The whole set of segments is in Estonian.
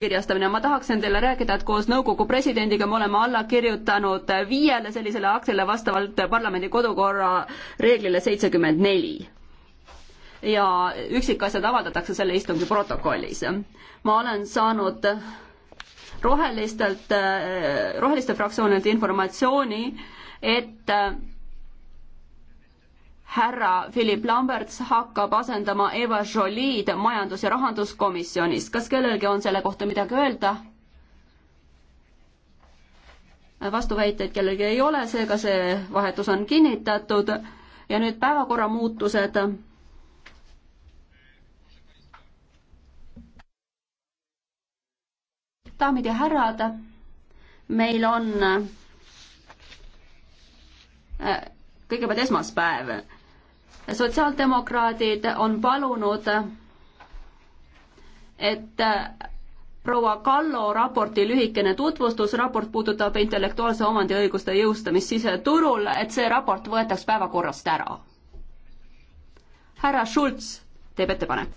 kirjastamine, ma tahaksin teile rääkida, et koos nõukogu presidendiga me oleme alla kirjutanud viiele sellisele aktile vastavalt parlamendi kodukorra reeglile seitsekümmend neli. ja üksikasjad avaldatakse selle istungi protokollis. ma olen saanud rohelistelt, roheliste fraktsioonilt informatsiooni, et härra Philip Lamberts hakkab asendama Eva Jolid majandus- ja rahanduskomisjonis. kas kellelgi on selle kohta midagi öelda? vastuväiteid kellelgi ei ole, seega see vahetus on kinnitatud ja nüüd päevakorra muutused. daamid ja härrad, meil on äh, kõigepealt esmaspäev sotsiaaldemokraadid on palunud, et proua Kallo raporti lühikene tutvustus, raport puudutab intellektuaalse omandiõiguste jõustamist siseturul, et see raport võetaks päevakorrast ära. härra Schulz teeb ettepaneku.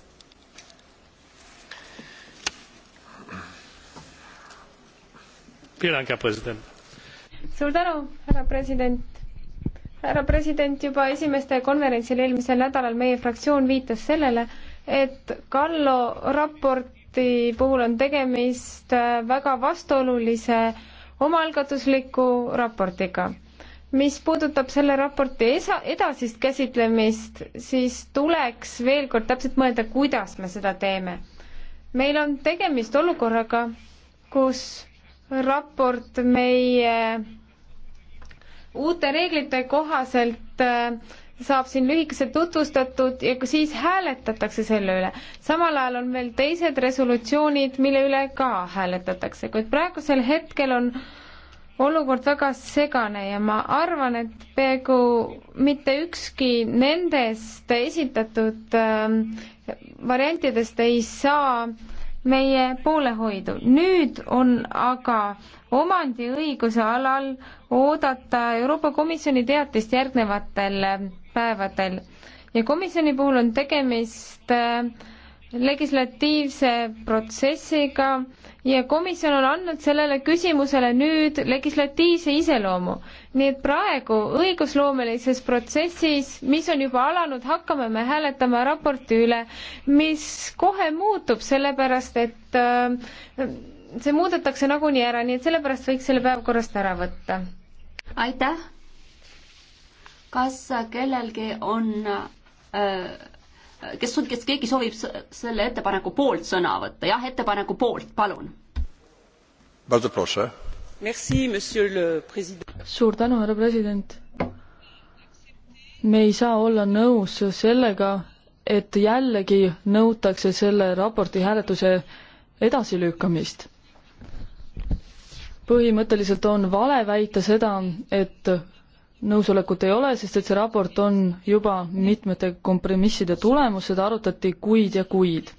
suur tänu, härra president härra president, juba esimeste konverentsil eelmisel nädalal meie fraktsioon viitas sellele, et Kallo raporti puhul on tegemist äh, väga vastuolulise omaalgatusliku raportiga. mis puudutab selle raporti esa-, edasist käsitlemist, siis tuleks veel kord täpselt mõelda, kuidas me seda teeme. meil on tegemist olukorraga, kus raport meie uute reeglite kohaselt äh, saab siin lühikeselt tutvustatud ja siis hääletatakse selle üle. samal ajal on veel teised resolutsioonid, mille üle ka hääletatakse, kuid praegusel hetkel on olukord väga segane ja ma arvan, et peaaegu mitte ükski nendest esitatud äh, variantidest ei saa äh, meie poolehoidu. nüüd on aga omandiõiguse alal oodata Euroopa Komisjoni teatist järgnevatel päevadel ja komisjoni puhul on tegemist äh, legislatiivse protsessiga ja komisjon on andnud sellele küsimusele nüüd legislatiivse iseloomu. nii et praegu õigusloomelises protsessis, mis on juba alanud, hakkame me hääletama raporti üle, mis kohe muutub, sellepärast et äh, see muudetakse nagunii ära, nii et sellepärast võiks selle päevakorrast ära võtta. aitäh! kas kellelgi on öö, äh, kes, kes keegi soovib selle ettepaneku poolt sõna võtta, jah, ettepaneku poolt, palun. suur tänu, härra president. me ei saa olla nõus sellega, et jällegi nõutakse selle raporti hääletuse edasilükkamist põhimõtteliselt on vale väita seda, et nõusolekut ei ole, sest et see raport on juba mitmete kompromisside tulemus, seda arutati kuid ja kuid.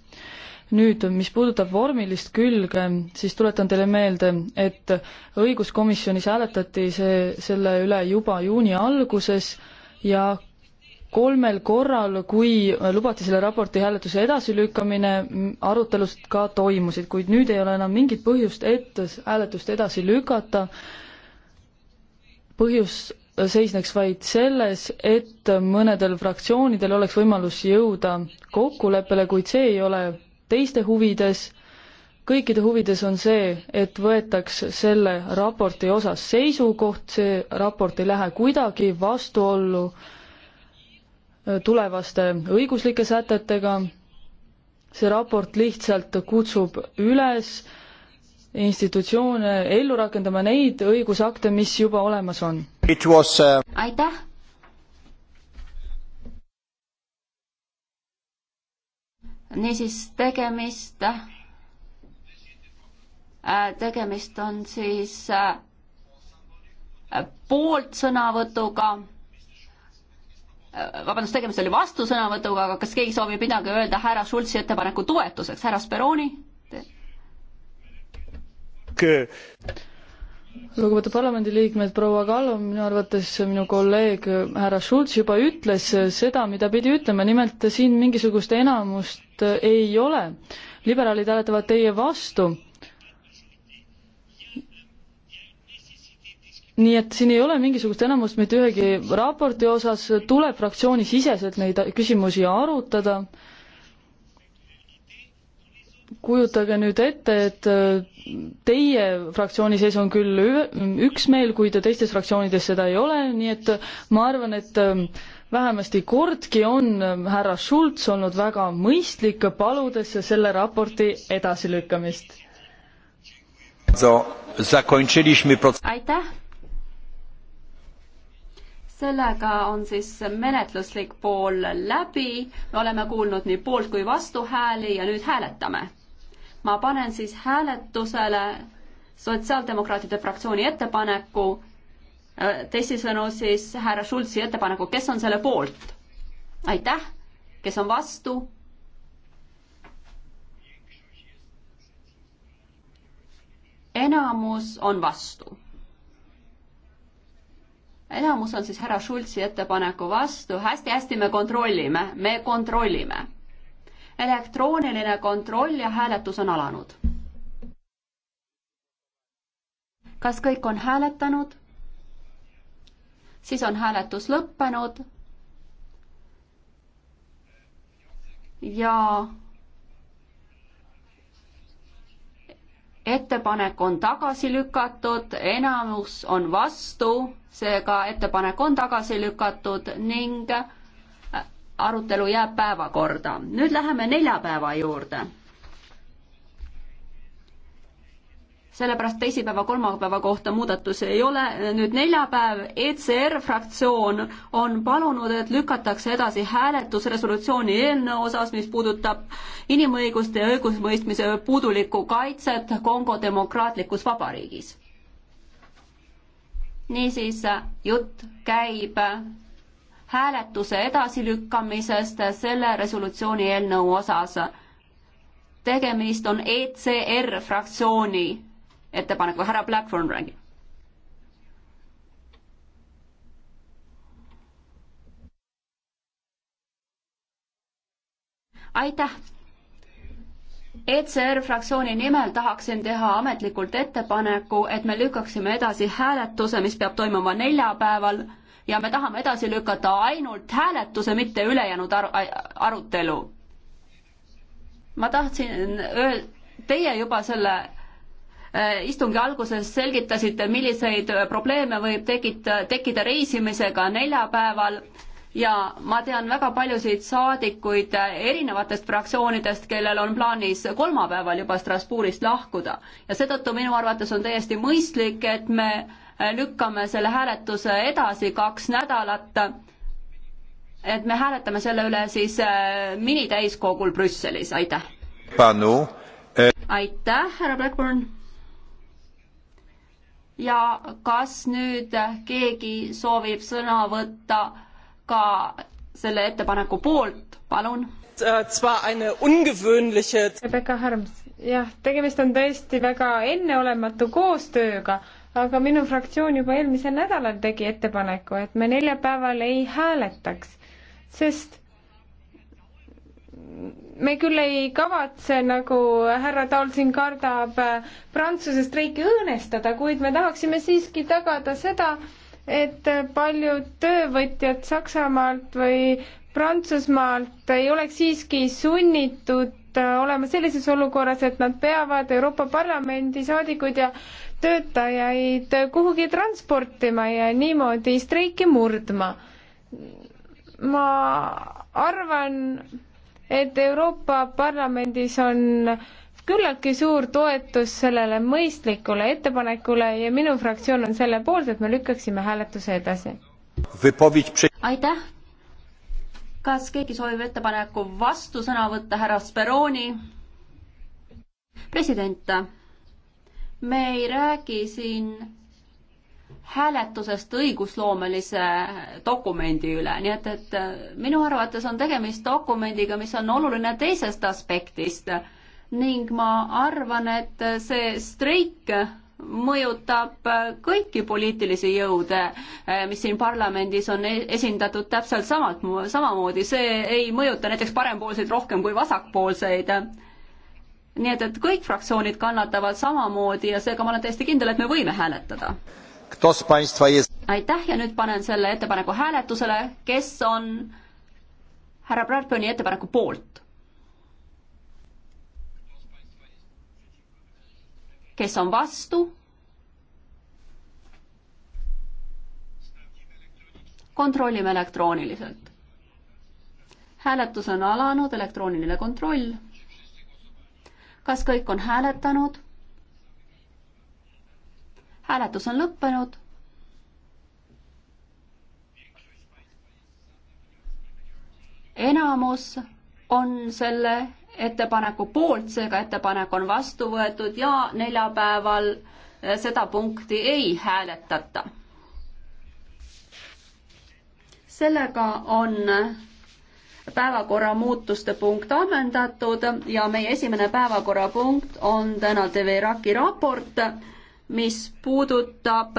nüüd, mis puudutab vormilist külge, siis tuletan teile meelde, et õiguskomisjonis hääletati see, selle üle juba juuni alguses ja kolmel korral, kui lubati selle raporti hääletuse edasilükkamine, arutelud ka toimusid, kuid nüüd ei ole enam mingit põhjust, et hääletust edasi lükata põhjus seisneks vaid selles, et mõnedel fraktsioonidel oleks võimalus jõuda kokkuleppele, kuid see ei ole teiste huvides, kõikide huvides on see, et võetaks selle raporti osas seisukoht, see raport ei lähe kuidagi vastuollu tulevaste õiguslike sätetega, see raport lihtsalt kutsub üles institutsioone ellu rakendama neid õigusakte, mis juba olemas on Was, uh... aitäh! niisiis, tegemist, äh, tegemist on siis äh, pooltsõnavõtuga äh, vabandust, tegemist oli vastusõnavõtuga, aga kas keegi soovib midagi öelda härra Schultzi ettepaneku toetuseks, härra Speroni? lugupeetud parlamendiliikmed, proua Kallo, minu arvates minu kolleeg härra Schulz juba ütles seda, mida pidi ütlema, nimelt siin mingisugust enamust ei ole. liberaalid hääletavad teie vastu. nii et siin ei ole mingisugust enamust mitte ühegi raporti osas, tuleb fraktsioonisiseselt neid küsimusi arutada kujutage nüüd ette, et äh, teie fraktsiooni sees on küll üksmeel, kuid teistes fraktsioonides seda ei ole, nii et äh, ma arvan, et ähm, vähemasti kordki on ähm, härra Schulz olnud väga mõistlik, paludes selle raporti edasilükkamist. aitäh! sellega on siis menetluslik pool läbi, me oleme kuulnud nii poolt kui vastuhääli ja nüüd hääletame ma panen siis hääletusele Sotsiaaldemokraatide fraktsiooni ettepaneku, äh, teisisõnu siis härra Schulzi ettepaneku, kes on selle poolt? aitäh, kes on vastu? enamus on vastu. enamus on siis härra Schulzi ettepaneku vastu hästi,, hästi-hästi, me kontrollime, me kontrollime elektrooniline kontroll ja hääletus on alanud. kas kõik on hääletanud? siis on hääletus lõppenud. ja ettepanek on tagasi lükatud, enamus on vastu, seega ettepanek on tagasi lükatud ning arutelu jääb päevakorda. nüüd läheme neljapäeva juurde. sellepärast teisipäeva, kolmapäeva kohta muudatusi ei ole, nüüd neljapäev, ECR fraktsioon on palunud, et lükatakse edasi hääletus resolutsiooni eelnõu osas, mis puudutab inimõiguste ja õigusmõistmise puudulikku kaitset Kongo demokraatlikus vabariigis niisiis jutt käib hääletuse edasilükkamisest selle resolutsiooni eelnõu osas. tegemist on ECR fraktsiooni ettepanekuga, härra Blackburn räägib. aitäh! ECR fraktsiooni nimel tahaksin teha ametlikult ettepaneku, et me lükkaksime edasi hääletuse, mis peab toimuma neljapäeval ja me tahame edasi lükata ainult hääletuse, mitte ülejäänud ar arutelu. ma tahtsin öel-, teie juba selle e, istungi alguses selgitasite, milliseid probleeme võib tekita, tekkida reisimisega neljapäeval ja ma tean väga paljusid saadikuid erinevatest fraktsioonidest, kellel on plaanis kolmapäeval juba Strasbourgist lahkuda ja seetõttu minu arvates on täiesti mõistlik, et me lükkame selle hääletuse edasi kaks nädalat. et me hääletame selle üle siis äh, minitäiskogul Brüsselis, aitäh. Äh, aitäh, härra Blackburn. ja kas nüüd keegi soovib sõna võtta ka selle ettepaneku poolt, palun. Äh, Rebecca Harms, jah, tegemist on tõesti väga enneolematu koostööga aga minu fraktsioon juba eelmisel nädalal tegi ettepaneku, et me neljapäeval ei hääletaks, sest me küll ei kavatse, nagu härra Taul siin kardab, Prantsuse streiki õõnestada, kuid me tahaksime siiski tagada seda, et paljud töövõtjad Saksamaalt või Prantsusmaalt ei oleks siiski sunnitud olema sellises olukorras, et nad peavad Euroopa Parlamendi saadikuid ja töötajaid kuhugi transportima ja niimoodi streiki murdma. ma arvan, et Euroopa Parlamendis on küllaltki suur toetus sellele mõistlikule ettepanekule ja minu fraktsioon on selle poolt, et me lükkaksime hääletuse edasi. aitäh. kas keegi soovib ettepaneku vastusõna võtta, härra Speroni? president me ei räägi siin hääletusest õigusloomelise dokumendi üle, nii et, et äh, minu arvates on tegemist dokumendiga, mis on oluline teisest aspektist ning ma arvan, et see streik mõjutab äh, kõiki poliitilisi jõude, äh, mis siin parlamendis on e-, esindatud täpselt samalt, samamoodi, see ei mõjuta näiteks parempoolseid rohkem kui vasakpoolseid nii et, et kõik fraktsioonid kannatavad samamoodi ja seega ma olen täiesti kindel, et me võime hääletada. aitäh ja nüüd panen selle ettepaneku hääletusele, kes on härra Bradburni ettepaneku poolt? kes on vastu? kontrollime elektrooniliselt. hääletus on alanud, elektrooniline kontroll kas kõik on hääletanud? hääletus on lõppenud. enamus on selle ettepaneku poolt, seega ettepanek on vastu võetud ja neljapäeval eh, seda punkti ei hääletata. sellega on päevakorra muutuste punkt ammendatud ja meie esimene päevakorrapunkt on täna TV Iraki raport, mis puudutab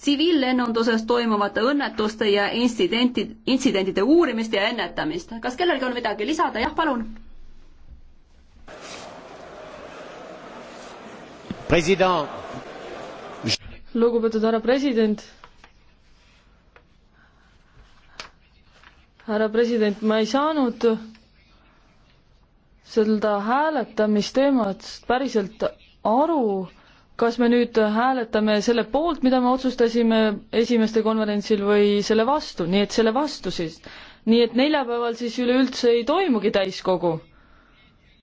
tsiviillennunduses toimuvate õnnetuste ja intsidenti, intsidentide uurimist ja ennetamist. kas kellelgi on midagi lisada, jah, palun? president. lugupeetud härra president härra president, ma ei saanud seda hääletamisteemat päriselt aru, kas me nüüd hääletame selle poolt, mida me otsustasime esimeste konverentsil või selle vastu, nii et selle vastu siis. nii et neljapäeval siis üleüldse ei toimugi täiskogu